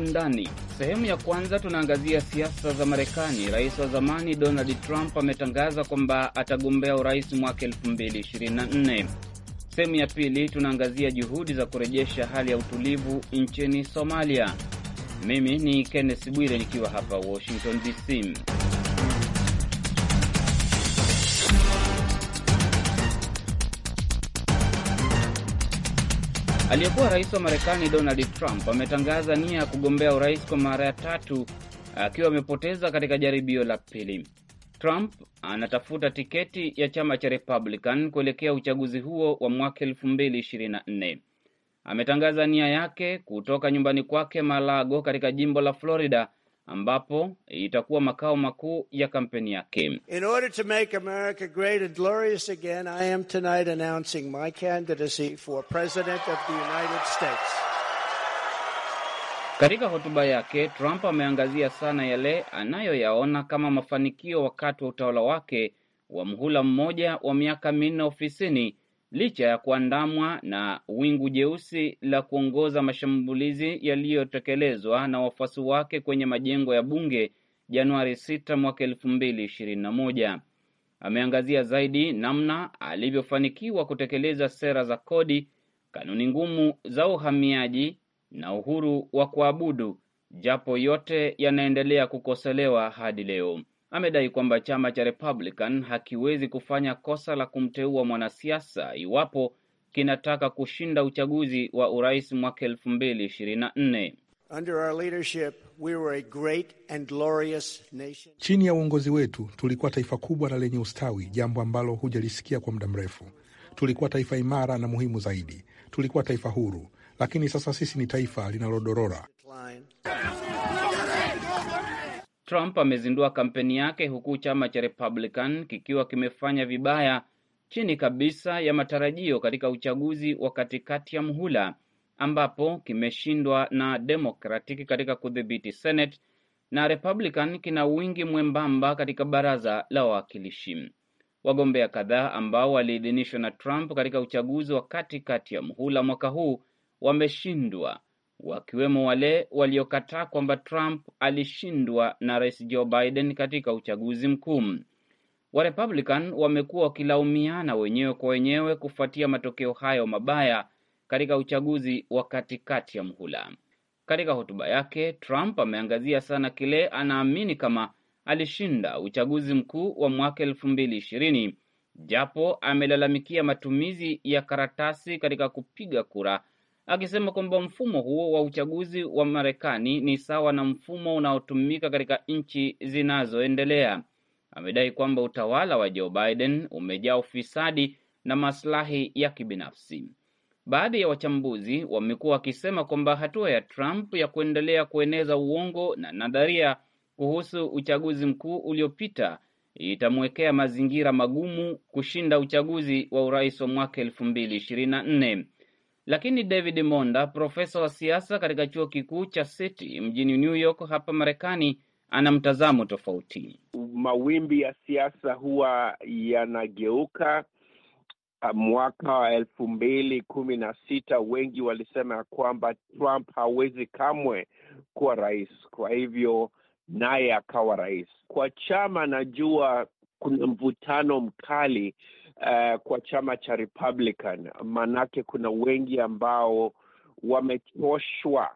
undani. Sehemu ya kwanza tunaangazia siasa za Marekani. Rais wa zamani Donald Trump ametangaza kwamba atagombea urais mwaka 2024. Sehemu ya pili tunaangazia juhudi za kurejesha hali ya utulivu nchini Somalia. Mimi ni Kenneth Bwire nikiwa hapa Washington DC. Aliyekuwa rais wa Marekani Donald Trump ametangaza nia ya kugombea urais kwa mara ya tatu akiwa amepoteza katika jaribio la pili. Trump anatafuta tiketi ya chama cha Republican kuelekea uchaguzi huo wa mwaka nne. Ametangaza nia yake kutoka nyumbani kwake Malago katika jimbo la Florida ambapo itakuwa makao makuu ya kampeni yake. In order to make America great and glorious again, I am tonight announcing my candidacy for president of the United States. Katika hotuba yake, Trump ameangazia sana yale anayoyaona kama mafanikio wakati wa utawala wake wa mhula mmoja wa miaka minne ofisini licha ya kuandamwa na wingu jeusi la kuongoza mashambulizi yaliyotekelezwa na wafuasi wake kwenye majengo ya bunge Januari 6 mwaka 2021. Ameangazia zaidi namna alivyofanikiwa kutekeleza sera za kodi, kanuni ngumu za uhamiaji na uhuru wa kuabudu, japo yote yanaendelea kukosolewa hadi leo amedai kwamba chama cha Republican hakiwezi kufanya kosa la kumteua mwanasiasa iwapo kinataka kushinda uchaguzi wa urais mwaka 2024. Chini ya uongozi wetu tulikuwa taifa kubwa na lenye ustawi, jambo ambalo hujalisikia kwa muda mrefu. Tulikuwa taifa imara na muhimu zaidi, tulikuwa taifa huru, lakini sasa sisi ni taifa linalodorora. Trump amezindua kampeni yake huku chama cha Republican kikiwa kimefanya vibaya chini kabisa ya matarajio katika uchaguzi wa katikati ya muhula ambapo kimeshindwa na Democratic katika kudhibiti Senate na Republican kina wingi mwembamba katika baraza la wawakilishi. Wagombea kadhaa ambao waliidhinishwa na Trump katika uchaguzi wa katikati ya muhula mwaka huu wameshindwa wakiwemo wale waliokataa kwamba Trump alishindwa na Rais Joe Biden katika uchaguzi mkuu. Warepublican wamekuwa wakilaumiana wenyewe kwa wenyewe kufuatia matokeo hayo mabaya katika uchaguzi wa katikati ya mhula. Katika hotuba yake, Trump ameangazia sana kile anaamini kama alishinda uchaguzi mkuu wa mwaka elfu mbili ishirini, japo amelalamikia matumizi ya karatasi katika kupiga kura akisema kwamba mfumo huo wa uchaguzi wa Marekani ni sawa na mfumo unaotumika katika nchi zinazoendelea. Amedai kwamba utawala wa Joe Biden umejaa ufisadi na maslahi ya kibinafsi. Baadhi ya wachambuzi wamekuwa wakisema kwamba hatua ya Trump ya kuendelea kueneza uongo na nadharia kuhusu uchaguzi mkuu uliopita itamwekea mazingira magumu kushinda uchaguzi wa urais wa mwaka elfu mbili ishirini na nne. Lakini David Monda, profesa wa siasa katika chuo kikuu cha City mjini New York hapa Marekani, ana mtazamo tofauti. Mawimbi ya siasa huwa yanageuka. Ah, mwaka wa elfu mbili kumi na sita wengi walisema ya kwamba Trump hawezi kamwe kuwa rais, kwa hivyo naye akawa rais. Kwa chama, najua kuna mvutano mkali uh, kwa chama cha Republican, maanake kuna wengi ambao wamechoshwa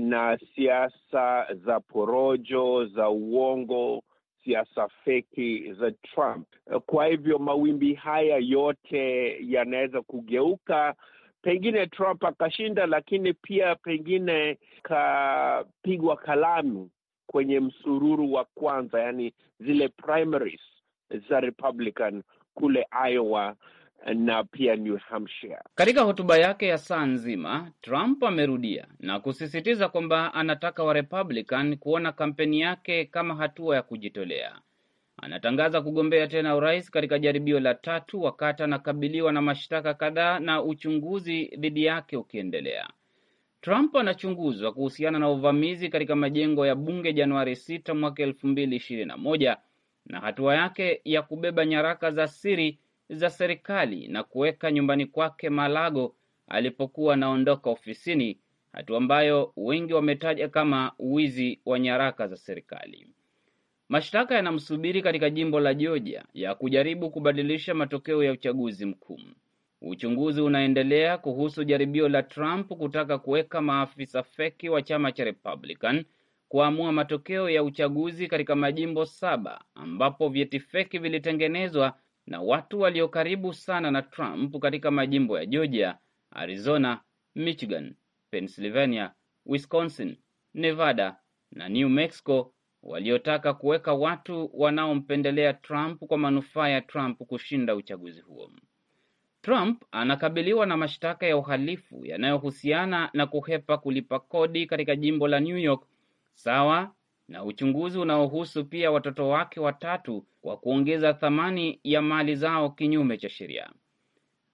na siasa za porojo, za uongo, siasa feki za Trump. Kwa hivyo mawimbi haya yote yanaweza kugeuka pengine Trump akashinda, lakini pia pengine kapigwa kalamu kwenye msururu wa kwanza, yani zile primaries za Republican kule Iowa na pia New Hampshire. Katika hotuba yake ya saa nzima, Trump amerudia na kusisitiza kwamba anataka wa Republican kuona kampeni yake kama hatua ya kujitolea. Anatangaza kugombea tena urais katika jaribio la tatu, wakati anakabiliwa na mashtaka kadhaa na uchunguzi dhidi yake ukiendelea. Trump anachunguzwa kuhusiana na uvamizi katika majengo ya bunge Januari 6 mwaka 2021 na hatua yake ya kubeba nyaraka za siri za serikali na kuweka nyumbani kwake Malago alipokuwa anaondoka ofisini, hatua ambayo wengi wametaja kama wizi wa nyaraka za serikali. Mashtaka yanamsubiri katika jimbo la Georgia ya kujaribu kubadilisha matokeo ya uchaguzi mkuu. Uchunguzi unaendelea kuhusu jaribio la Trump kutaka kuweka maafisa feki wa chama cha Republican kuamua matokeo ya uchaguzi katika majimbo saba ambapo vyeti feki vilitengenezwa na watu walio karibu sana na Trump katika majimbo ya Georgia, Arizona, Michigan, Pennsylvania, Wisconsin, Nevada na New Mexico waliotaka kuweka watu wanaompendelea Trump kwa manufaa ya Trump kushinda uchaguzi huo. Trump anakabiliwa na mashtaka ya uhalifu yanayohusiana na kuhepa kulipa kodi katika jimbo la New York sawa na uchunguzi unaohusu pia watoto wake watatu kwa kuongeza thamani ya mali zao kinyume cha sheria.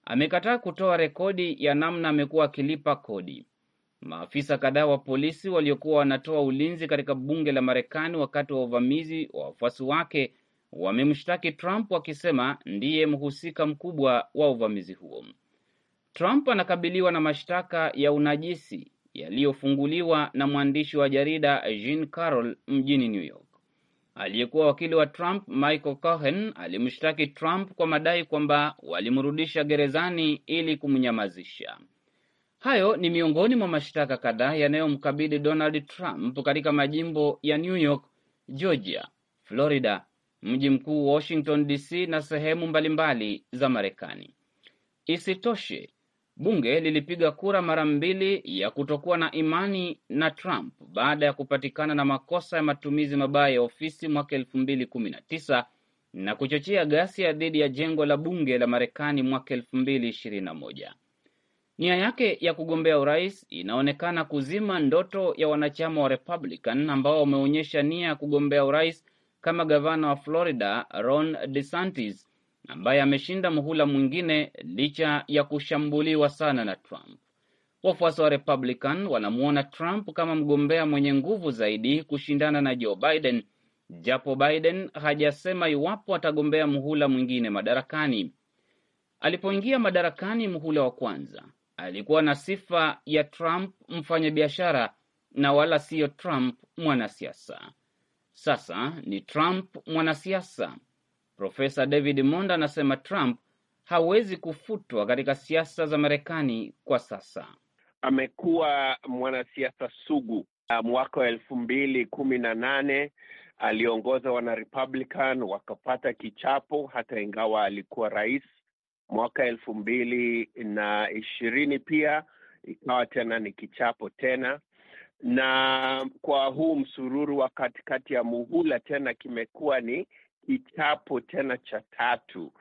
Amekataa kutoa rekodi ya namna amekuwa akilipa kodi. Maafisa kadhaa wa polisi waliokuwa wanatoa ulinzi katika bunge la Marekani wakati wa uvamizi wa wafuasi wake wamemshtaki Trump wakisema ndiye mhusika mkubwa wa uvamizi huo. Trump anakabiliwa na mashtaka ya unajisi, yaliyofunguliwa na mwandishi wa jarida Jean Carroll mjini New York. Aliyekuwa wakili wa Trump Michael Cohen alimshtaki Trump kwa madai kwamba walimrudisha gerezani ili kumnyamazisha. Hayo ni miongoni mwa mashtaka kadhaa yanayomkabili Donald Trump katika majimbo ya New York, Georgia, Florida, mji mkuu Washington DC na sehemu mbalimbali za Marekani. Isitoshe, Bunge lilipiga kura mara mbili ya kutokuwa na imani na Trump baada ya kupatikana na makosa ya matumizi mabaya ya ofisi mwaka elfu mbili kumi na tisa na kuchochea ghasia dhidi ya jengo la bunge la Marekani mwaka elfu mbili ishirini na moja. Nia yake ya kugombea urais inaonekana kuzima ndoto ya wanachama wa Republican ambao wameonyesha nia ya kugombea urais kama gavana wa Florida Ron DeSantis ambaye ameshinda muhula mwingine licha ya kushambuliwa sana na Trump. Wafuasi wa Republican wanamwona Trump kama mgombea mwenye nguvu zaidi kushindana na Joe Biden, japo Biden hajasema iwapo atagombea muhula mwingine madarakani. Alipoingia madarakani muhula wa kwanza, alikuwa na sifa ya Trump mfanyabiashara na wala siyo Trump mwanasiasa. Sasa ni Trump mwanasiasa Profesa David Monda anasema Trump hawezi kufutwa katika siasa za Marekani kwa sasa. Amekuwa mwanasiasa sugu. Uh, mwaka wa elfu mbili kumi na nane aliongoza wanarepublican wakapata kichapo, hata ingawa alikuwa rais. Mwaka elfu mbili na ishirini pia ikawa tena ni kichapo tena, na kwa huu msururu wa katikati ya muhula tena kimekuwa ni kitapo tena cha tatu.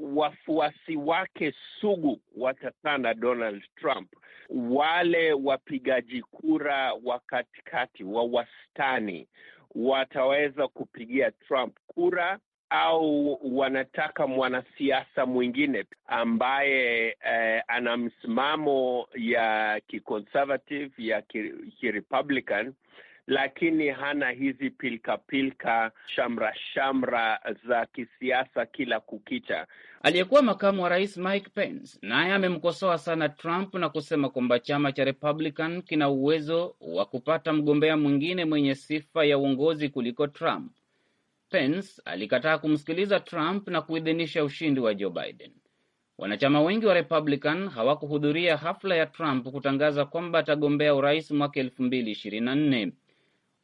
Wafuasi wake sugu watakaa na Donald Trump, wale wapigaji kura wa katikati wa wastani wataweza kupigia Trump kura au wanataka mwanasiasa mwingine ambaye eh, ana msimamo ya kiconservative ya kirepublican ki lakini hana hizi pilkapilka shamra shamra za kisiasa kila kukicha. Aliyekuwa makamu wa rais Mike Pence naye amemkosoa sana Trump na kusema kwamba chama cha Republican kina uwezo wa kupata mgombea mwingine mwenye sifa ya uongozi kuliko Trump. Pence alikataa kumsikiliza Trump na kuidhinisha ushindi wa Joe Biden. Wanachama wengi wa Republican hawakuhudhuria hafla ya Trump kutangaza kwamba atagombea urais mwaka elfu mbili ishirini na nne.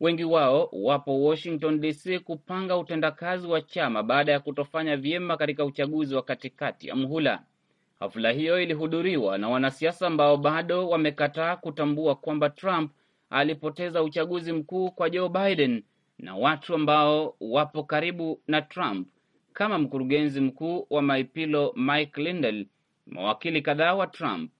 Wengi wao wapo Washington DC kupanga utendakazi wa chama baada ya kutofanya vyema katika uchaguzi wa katikati ya muhula. Hafla hiyo ilihudhuriwa na wanasiasa ambao bado wamekataa kutambua kwamba Trump alipoteza uchaguzi mkuu kwa Joe Biden na watu ambao wapo karibu na Trump kama mkurugenzi mkuu wa Maipilo Mike Lindell, mawakili kadhaa wa Trump,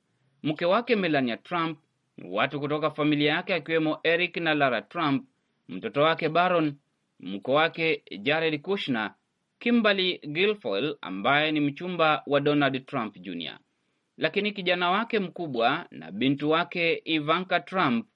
mke wake Melania Trump watu kutoka familia yake akiwemo Eric na Lara Trump, mtoto wake Baron, mko wake Jared Kushner, Kimberly Guilfoyle ambaye ni mchumba wa Donald Trump Jr. Lakini kijana wake mkubwa na bintu wake Ivanka Trump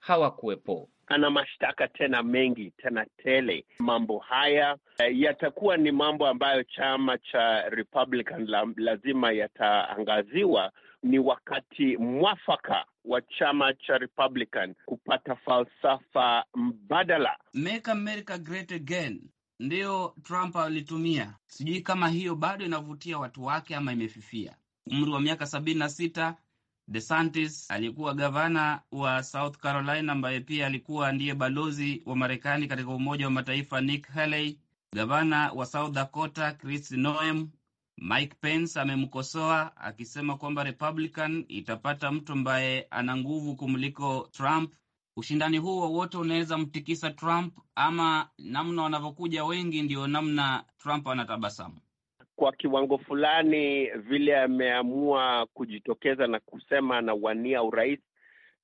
hawakuwepo. Ana mashtaka tena mengi tena tele. Mambo haya eh, yatakuwa ni mambo ambayo chama cha Republican lazima yataangaziwa. Ni wakati mwafaka wa chama cha Republican kupata falsafa mbadala. Make America Great Again ndiyo Trump alitumia. Sijui kama hiyo bado inavutia watu wake ama imefifia. Umri wa miaka sabini na sita. DeSantis aliyekuwa gavana wa South Carolina, ambaye pia alikuwa ndiye balozi wa Marekani katika Umoja wa Mataifa, Nick Haley, gavana wa South Dakota Chris Noem, Mike Pence amemkosoa akisema kwamba Republican itapata mtu ambaye ana nguvu kumliko Trump. Ushindani huu wowote unaweza mtikisa Trump, ama namna wanavyokuja wengi ndio namna Trump anatabasamu kwa kiwango fulani vile ameamua kujitokeza na kusema anawania urais.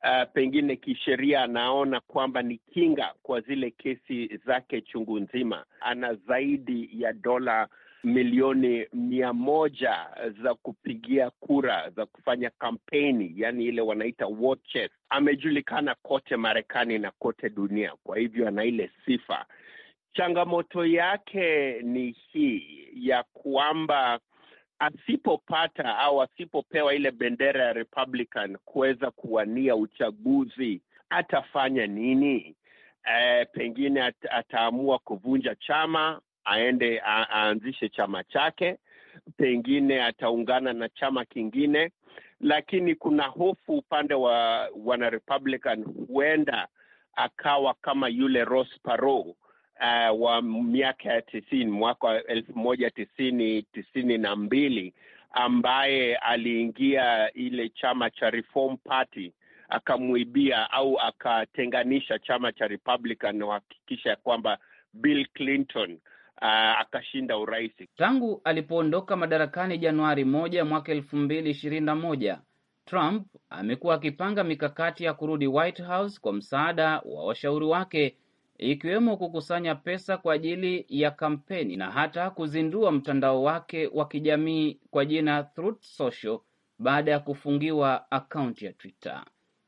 Uh, pengine kisheria anaona kwamba ni kinga kwa zile kesi zake chungu nzima. Ana zaidi ya dola milioni mia moja za kupigia kura za kufanya kampeni, yaani ile wanaita war chest. Amejulikana kote Marekani na kote dunia, kwa hivyo ana ile sifa. Changamoto yake ni hii ya kwamba asipopata au asipopewa ile bendera ya Republican kuweza kuwania uchaguzi atafanya nini? E, pengine at, ataamua kuvunja chama aende aanzishe chama chake, pengine ataungana na chama kingine, lakini kuna hofu upande wa wana Republican, huenda akawa kama yule Ross Perot uh, wa miaka ya tisini mwaka wa elfu moja tisini tisini na mbili ambaye aliingia ile chama cha Reform Party akamwibia au akatenganisha chama cha Republican na kuhakikisha kwamba Bill Clinton uh, akashinda urais. Tangu alipoondoka madarakani Januari moja mwaka elfu mbili ishirini na moja, Trump amekuwa akipanga mikakati ya kurudi White House kwa msaada wa washauri wake ikiwemo kukusanya pesa kwa ajili ya kampeni na hata kuzindua mtandao wake wa kijamii kwa jina Truth Social baada ya kufungiwa akaunti ya Twitter.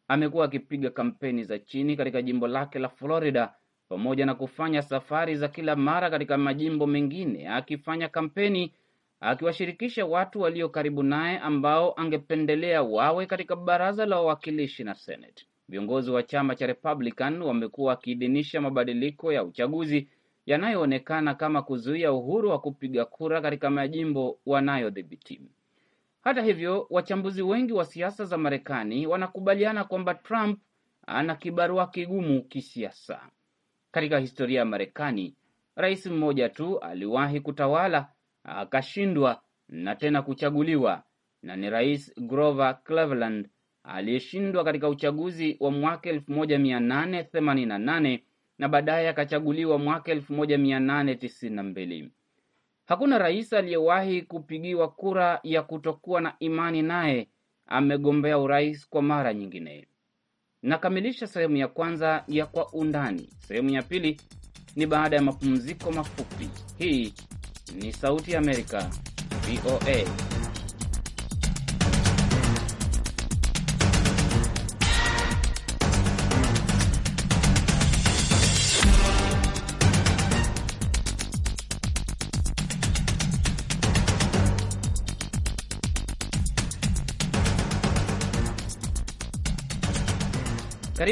Amekuwa akipiga kampeni za chini katika jimbo lake la Florida pamoja na kufanya safari za kila mara katika majimbo mengine akifanya kampeni akiwashirikisha watu walio karibu naye ambao angependelea wawe katika baraza la wawakilishi na Senate. Viongozi wa chama cha Republican wamekuwa wakiidhinisha mabadiliko ya uchaguzi yanayoonekana kama kuzuia uhuru wa kupiga kura katika majimbo wanayodhibiti. Hata hivyo, wachambuzi wengi wa siasa za Marekani wanakubaliana kwamba Trump ana kibarua kigumu kisiasa. Katika historia ya Marekani, rais mmoja tu aliwahi kutawala akashindwa na tena kuchaguliwa, na ni Rais Grover Cleveland aliyeshindwa katika uchaguzi wa mwaka 1888 na baadaye akachaguliwa mwaka 1892. Hakuna rais aliyewahi kupigiwa kura ya kutokuwa na imani naye amegombea urais kwa mara nyingine. Nakamilisha sehemu ya kwanza ya Kwa Undani. Sehemu ya pili ni baada ya mapumziko mafupi. Hii ni Sauti ya Amerika, VOA.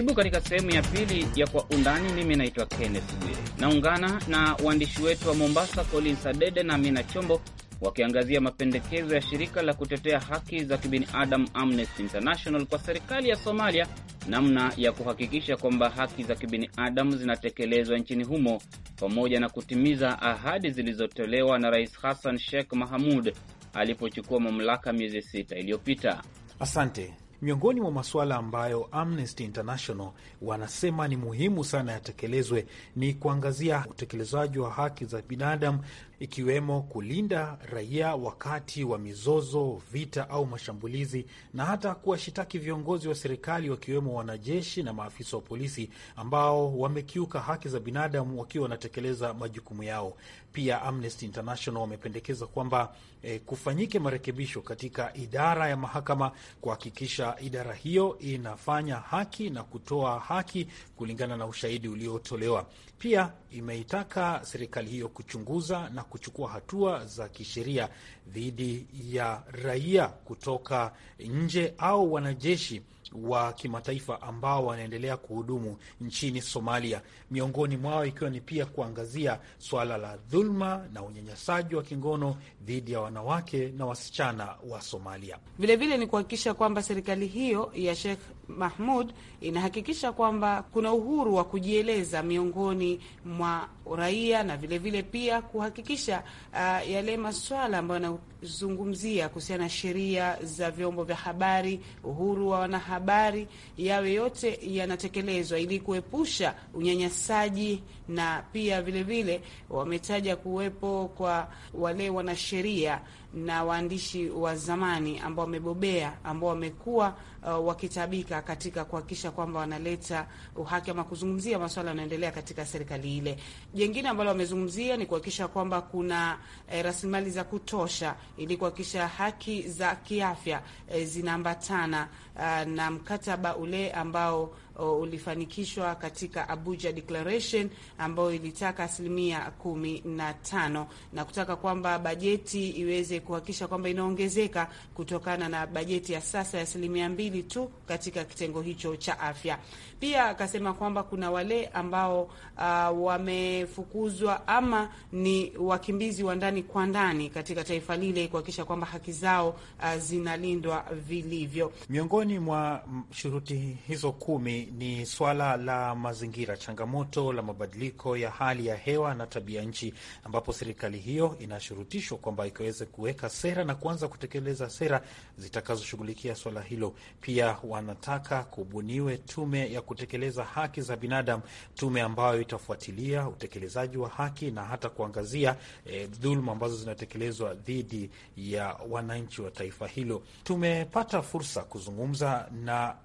Karibu katika sehemu ya pili ya Kwa Undani. Mimi naitwa Kenneth Bwire, naungana na waandishi wetu wa Mombasa, Collins Adede na Amina Chombo, wakiangazia mapendekezo ya shirika la kutetea haki za kibinadamu Amnesty International kwa serikali ya Somalia, namna ya kuhakikisha kwamba haki za kibinadamu zinatekelezwa nchini humo, pamoja na kutimiza ahadi zilizotolewa na Rais Hassan Sheikh Mahamud alipochukua mamlaka miezi sita iliyopita. Asante miongoni mwa masuala ambayo Amnesty International wanasema ni muhimu sana yatekelezwe ni kuangazia utekelezaji wa haki za binadamu ikiwemo kulinda raia wakati wa mizozo, vita au mashambulizi, na hata kuwashitaki viongozi wa serikali wakiwemo wanajeshi na maafisa wa polisi ambao wamekiuka haki za binadamu wakiwa wanatekeleza majukumu yao. Pia Amnesty International wamependekeza kwamba eh, kufanyike marekebisho katika idara ya mahakama kuhakikisha idara hiyo inafanya haki na kutoa haki kulingana na ushahidi uliotolewa. Pia imeitaka serikali hiyo kuchunguza na kuchukua hatua za kisheria dhidi ya raia kutoka nje au wanajeshi wa kimataifa ambao wanaendelea kuhudumu nchini Somalia, miongoni mwao ikiwa ni pia kuangazia swala la dhuluma na unyanyasaji wa kingono dhidi ya wanawake na wasichana wa Somalia. Vilevile vile ni kuhakikisha kwamba serikali hiyo ya Sheikh Mahmud inahakikisha kwamba kuna uhuru wa kujieleza miongoni mwa raia na vilevile vile pia kuhakikisha uh, yale maswala ambayo yanazungumzia kuhusiana na sheria za vyombo vya habari, uhuru wa wanahabari habari yawe yote yanatekelezwa ili kuepusha unyanyasaji, na pia vilevile vile, wametaja kuwepo kwa wale wanasheria na waandishi wa zamani ambao wamebobea ambao wamekuwa uh, wakitabika katika kuhakikisha kwamba wanaleta uhaki ama kuzungumzia masuala yanayoendelea katika serikali ile. Jengine ambalo wamezungumzia ni kuhakikisha kwamba kuna eh, rasilimali za kutosha ili kuhakikisha haki za kiafya eh, zinaambatana uh, na mkataba ule ambao ulifanikishwa katika Abuja Declaration ambayo ilitaka asilimia kumi na tano na kutaka kwamba bajeti iweze kuhakikisha kwamba inaongezeka kutokana na bajeti ya sasa ya asilimia mbili tu katika kitengo hicho cha afya. Pia akasema kwamba kuna wale ambao uh, wamefukuzwa ama ni wakimbizi wa ndani kwa ndani katika taifa lile, kuhakikisha kwamba haki zao uh, zinalindwa vilivyo. Miongoni mwa shuruti hizo kumi ni, swala la mazingira, changamoto la mabadiliko ya hali ya hewa na tabia nchi, ambapo serikali hiyo inashurutishwa kwamba ikiweze kuweka sera na kuanza kutekeleza sera zitakazoshughulikia swala hilo. Pia wanataka kubuniwe tume ya kutekeleza haki za binadamu, tume ambayo itafuatilia utekelezaji wa haki na hata kuangazia e, dhuluma ambazo zinatekelezwa dhidi ya wananchi wa taifa hilo. Tumepata fursa kuzungumza na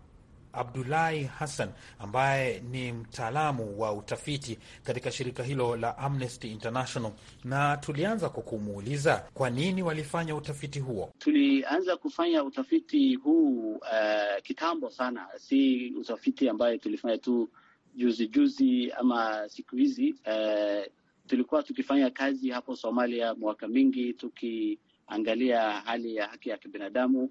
Abdulahi Hassan ambaye ni mtaalamu wa utafiti katika shirika hilo la Amnesty International, na tulianza kwa kumuuliza kwa nini walifanya utafiti huo. Tulianza kufanya utafiti huu uh, kitambo sana, si utafiti ambayo tulifanya tu juzi juzi ama siku hizi uh, tulikuwa tukifanya kazi hapo Somalia mwaka mingi tukiangalia hali ya haki ya kibinadamu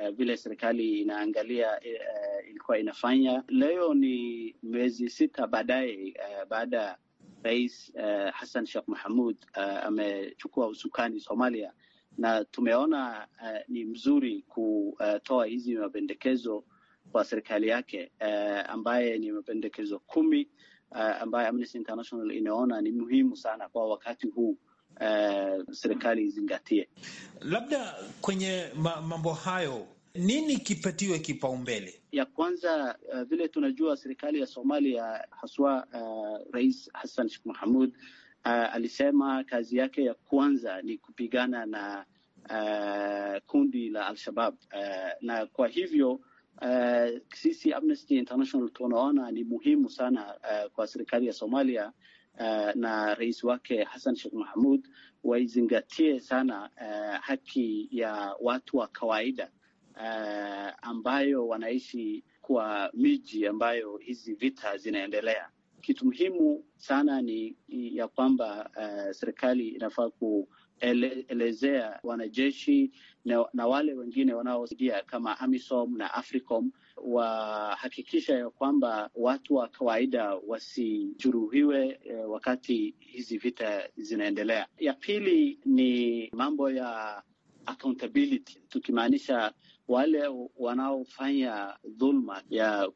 Eh, vile serikali inaangalia uh, ilikuwa inafanya. Leo ni miezi sita baadaye uh, baada Rais uh, Hassan Sheikh Mohamud uh, amechukua usukani Somalia, na tumeona uh, ni mzuri kutoa hizi mapendekezo kwa serikali yake uh, ambaye ni mapendekezo kumi uh, ambaye Amnesty International inaona ni muhimu sana kwa wakati huu uh, serikali izingatie. Labda kwenye mambo hayo nini kipatiwe kipaumbele? Ya kwanza uh, vile tunajua serikali ya Somalia haswa uh, Rais Hassan Sheikh Mohamud uh, alisema kazi yake ya kwanza ni kupigana na uh, kundi la Al-Shabab uh, na kwa hivyo Uh, sisi Amnesty International tunaona ni muhimu sana uh, kwa serikali ya Somalia uh, na rais wake Hassan Sheikh Mahmud waizingatie sana uh, haki ya watu wa kawaida uh, ambayo wanaishi kwa miji ambayo hizi vita zinaendelea. Kitu muhimu sana ni ya kwamba uh, serikali inafaa ku elezea wanajeshi na, na wale wengine wanaosaidia kama AMISOM na AFRICOM wahakikisha ya kwamba watu wa kawaida wasijuruhiwe eh, wakati hizi vita zinaendelea. Ya pili ni mambo ya accountability tukimaanisha wale wanaofanya dhulma ya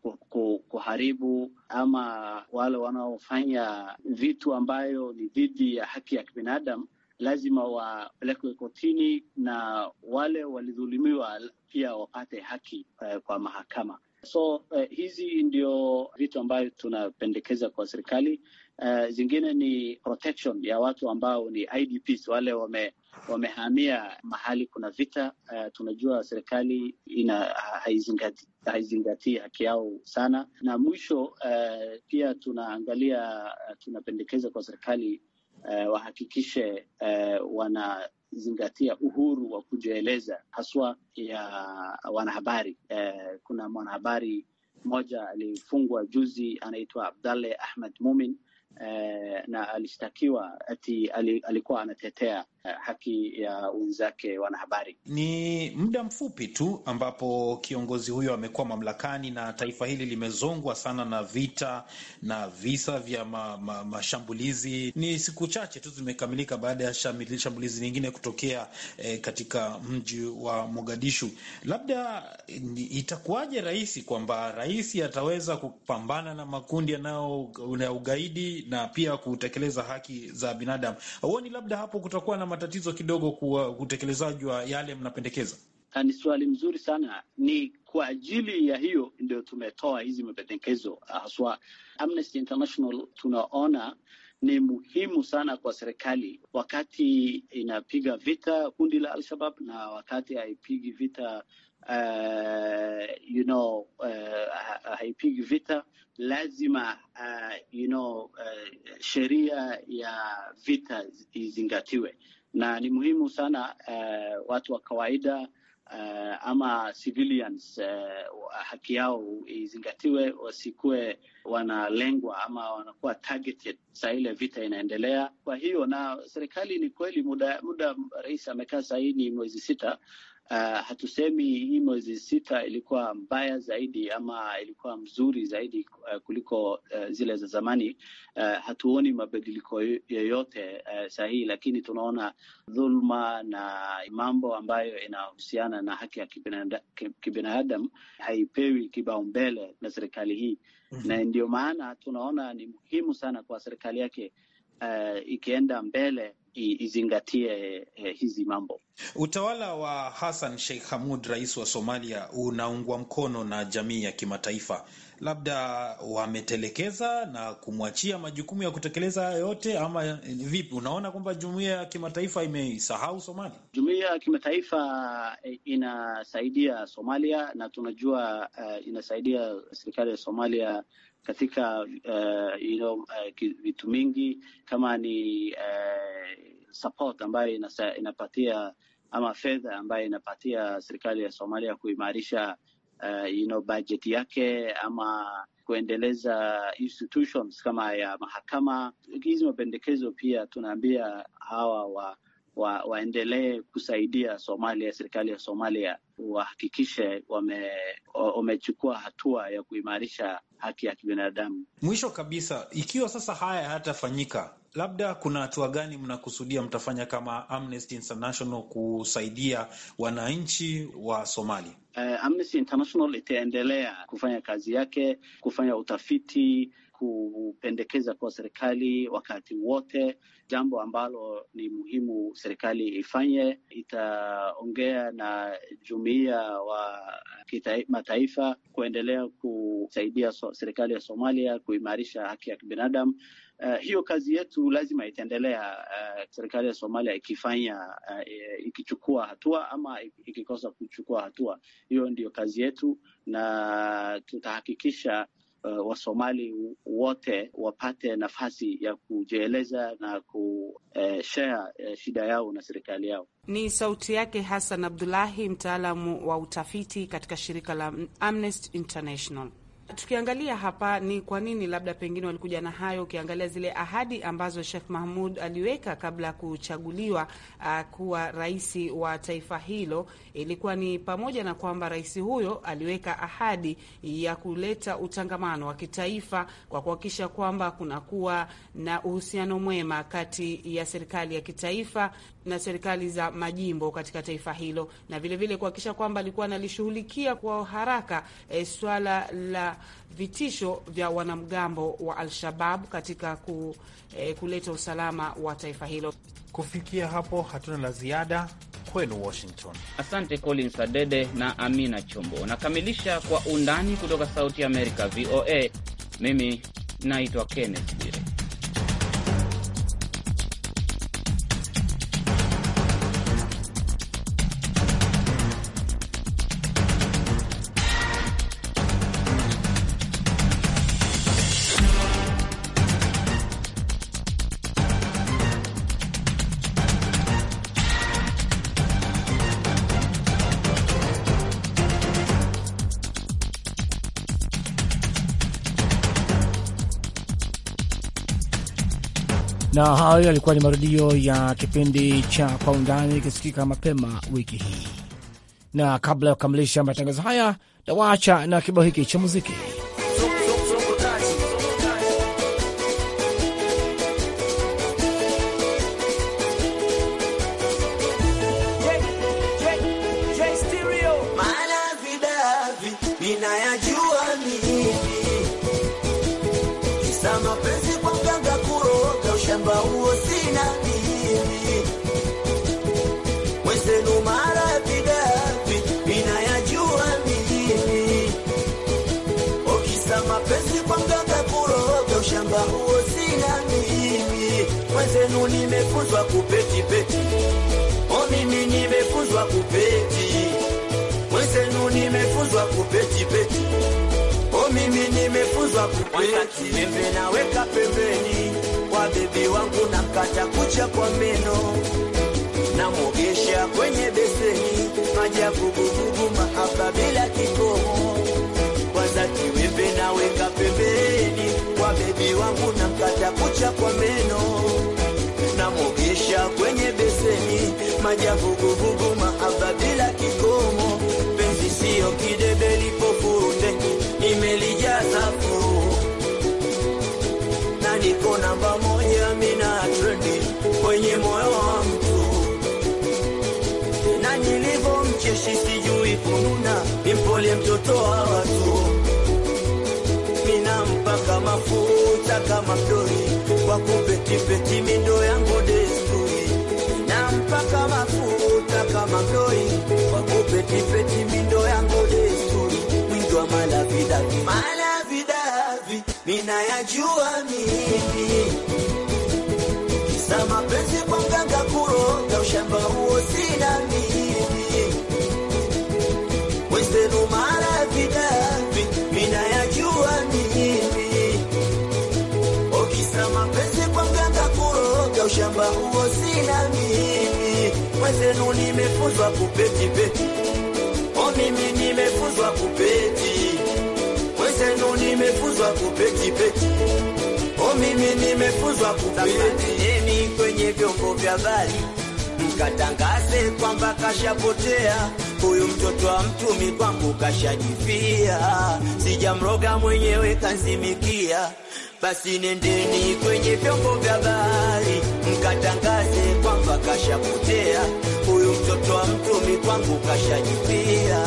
kuharibu ama wale wanaofanya vitu ambayo ni dhidi ya haki ya kibinadamu lazima wapelekwe kotini na wale walidhulumiwa pia wapate haki eh, kwa mahakama. So eh, hizi ndio vitu ambayo tunapendekeza kwa serikali. Eh, zingine ni protection ya watu ambao ni IDPs wale wame, wamehamia mahali kuna vita. Uh, tunajua serikali ina haizingati, haizingatii haki yao sana. Na mwisho uh, pia tunaangalia tunapendekeza kwa serikali Eh, wahakikishe eh, wanazingatia uhuru wa kujieleza haswa ya wanahabari. Eh, kuna mwanahabari mmoja alifungwa juzi anaitwa Abdalle Ahmed Mumin na alishtakiwa ati alikuwa anatetea Eh, haki ya wenzake wanahabari. Ni muda mfupi tu ambapo kiongozi huyo amekuwa mamlakani, na taifa hili limezongwa sana na vita na visa vya mashambulizi ma, mashambulizi. Ni siku chache tu zimekamilika baada ya shambulizi nyingine kutokea eh, katika mji wa Mogadishu. Labda eh, itakuwaje rahisi kwamba rais ataweza kupambana na makundi yanayo ugaidi na pia kutekeleza haki za binadamu? Huoni labda hapo kutakuwa na matatizo kidogo kwa utekelezaji wa yale mnapendekeza? Ah, ni swali mzuri sana. Ni kwa ajili ya hiyo ndio tumetoa hizi mapendekezo ah, haswa. Amnesty International tunaona ni muhimu sana kwa serikali wakati inapiga vita kundi la alshabab na wakati haipigi vita uh, you know, uh, haipigi vita lazima uh, you know, uh, sheria ya vita izingatiwe na ni muhimu sana uh, watu wa kawaida uh, ama civilians uh, haki yao izingatiwe, wasikuwe wanalengwa ama wanakuwa targeted saa ile vita inaendelea. Kwa hiyo na serikali, ni kweli muda muda rais amekaa saa hii ni mwezi sita Uh, hatusemi hii mwezi sita ilikuwa mbaya zaidi ama ilikuwa mzuri zaidi uh, kuliko uh, zile za zamani. Uh, hatuoni mabadiliko yoyote uh, sahihi, lakini tunaona dhuluma na mambo ambayo inahusiana na haki ya kibinadamu haipewi kipaumbele na serikali hii mm -hmm. Na ndio maana tunaona ni muhimu sana kwa serikali yake uh, ikienda mbele izingatie eh, hizi mambo. Utawala wa Hassan Sheikh Hamud, rais wa Somalia, unaungwa mkono na jamii ya kimataifa, labda wametelekeza na kumwachia majukumu ya kutekeleza haya yote, ama vipi? Unaona kwamba jumuiya ya kimataifa imeisahau Somalia? Jumuiya ya kimataifa eh, inasaidia Somalia na tunajua uh, inasaidia serikali ya Somalia katika uh, you know, uh, vitu mingi kama ni uh, support ambayo inasa, inapatia ama fedha ambayo inapatia serikali ya Somalia kuimarisha uh, you know, bajeti yake ama kuendeleza institutions kama ya mahakama. Hizi mapendekezo pia tunaambia hawa wa wa, waendelee kusaidia Somalia, serikali ya Somalia wahakikishe wamechukua wame hatua ya kuimarisha haki ya kibinadamu. Mwisho kabisa, ikiwa sasa haya hayatafanyika, labda kuna hatua gani mnakusudia mtafanya kama Amnesty International kusaidia wananchi wa Somalia? Uh, Amnesty International itaendelea kufanya kazi yake, kufanya utafiti kupendekeza kwa serikali wakati wote, jambo ambalo ni muhimu serikali ifanye. Itaongea na jumuiya wa kimataifa kuendelea kusaidia so, serikali ya Somalia kuimarisha haki ya kibinadamu. Uh, hiyo kazi yetu lazima itaendelea, uh, serikali ya Somalia ikifanya uh, ikichukua hatua ama ikikosa kuchukua hatua, hiyo ndiyo kazi yetu na tutahakikisha uh, eh, Wasomali wote wapate nafasi ya kujieleza na kushea eh, uh, eh, shida yao na serikali yao. Ni sauti yake Hassan Abdullahi, mtaalamu wa utafiti katika shirika la Amnesty International tukiangalia hapa ni kwa nini labda pengine walikuja na hayo, ukiangalia zile ahadi ambazo Sheikh Mahmud aliweka kabla ya kuchaguliwa uh, kuwa rais wa taifa hilo, ilikuwa ni pamoja na kwamba rais huyo aliweka ahadi ya kuleta utangamano wa kitaifa kwa kuhakikisha kwamba kunakuwa na uhusiano mwema kati ya serikali ya kitaifa na serikali za majimbo katika taifa hilo, na vilevile kuhakikisha kwamba alikuwa analishughulikia kwa haraka e, swala la vitisho vya wanamgambo wa Al-Shabab katika ku, eh, kuleta usalama wa taifa hilo. Kufikia hapo hatuna la ziada kwenu Washington. Asante Collins Adede na Amina Chombo. Nakamilisha kwa undani kutoka Sauti ya Amerika VOA. Mimi naitwa Kenneth Bire. na hayo yalikuwa ni marudio ya kipindi cha Kwa Undani kisikika mapema wiki hii, na kabla ya kukamilisha matangazo haya, nawaacha na kibao hiki cha muziki. Msipanganga kuroga ushamba huo, sina mimi mwenzenu, nimefunzwa kupeti peti. O, mimi nimefunzwa kupeti, mwenzenu nimefunzwa kupeti peti. O, mimi nimefunzwa kupeti. Pembe naweka pembeni kwa bebi wangu, namkata kucha kwa meno, namogesha kwenye beseni, maji ya vuguvugu, mahaba bila kikomo hataki wembe na weka pembeni, kwa bebi wangu na mkata kucha kwa meno, namwogesha kwenye beseni, maji ya vuguvugu, mahaba bila kikomo, penzi siyo kidebe lipofunde, nimelijaza na niko namba moja, mina trendi kwenye moyo wa mtu, na nilivomcheshi sijui kununa, ni mtoto wa kama kwa kupetipeti, mindo yangu desturi, na mpaka mafuta kama mdoli kwa kupetipeti, mindo yangu desturi, mwindo wa malavidavi, mina ninayajua mimi, kisa mapenzi kwa mganga kuroga, ushamba huo sina mimi msiba huo sina mimi, wenzenu nimefuzwa kupeti peti, o mimi nimefuzwa kupeti, wenzenu nimefuzwa kupeti peti, o mimi nimefuzwa kupeti. Eni kwenye vyombo vya habari mkatangaze kwamba kashapotea huyu mtoto wa mtumi, kwangu kashajifia, sijamroga mwenyewe kanzimikia basi nendeni kwenye vyombo vya habari mkatangaze kwamba kashapotea huyu mtoto wa mtumi, kwangu kashajipia,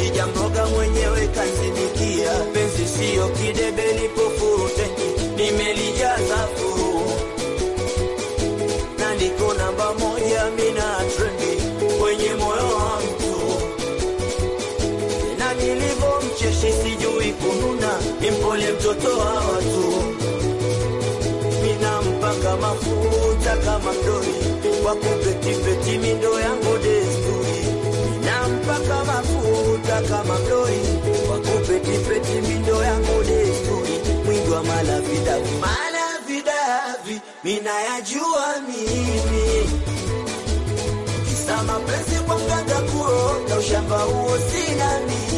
sijamboga mwenyewe kansidikia, penzi siyo kidebe, lipofute nimelijaza furu na niko namba moja mina trendi kwenye moyo wa mtu na nilivomcheshi, sijui kununa, impole mtoto hawa wakupe kipeti, mindo yangu desturi, mpaka mafuta kama mloi, wakupe kipeti, mindo yangu desturi, mwingi wa malavidavi, mina yajua mimi, kisa mapenzi kwa mganga kuoga, ushamba huo sina mimi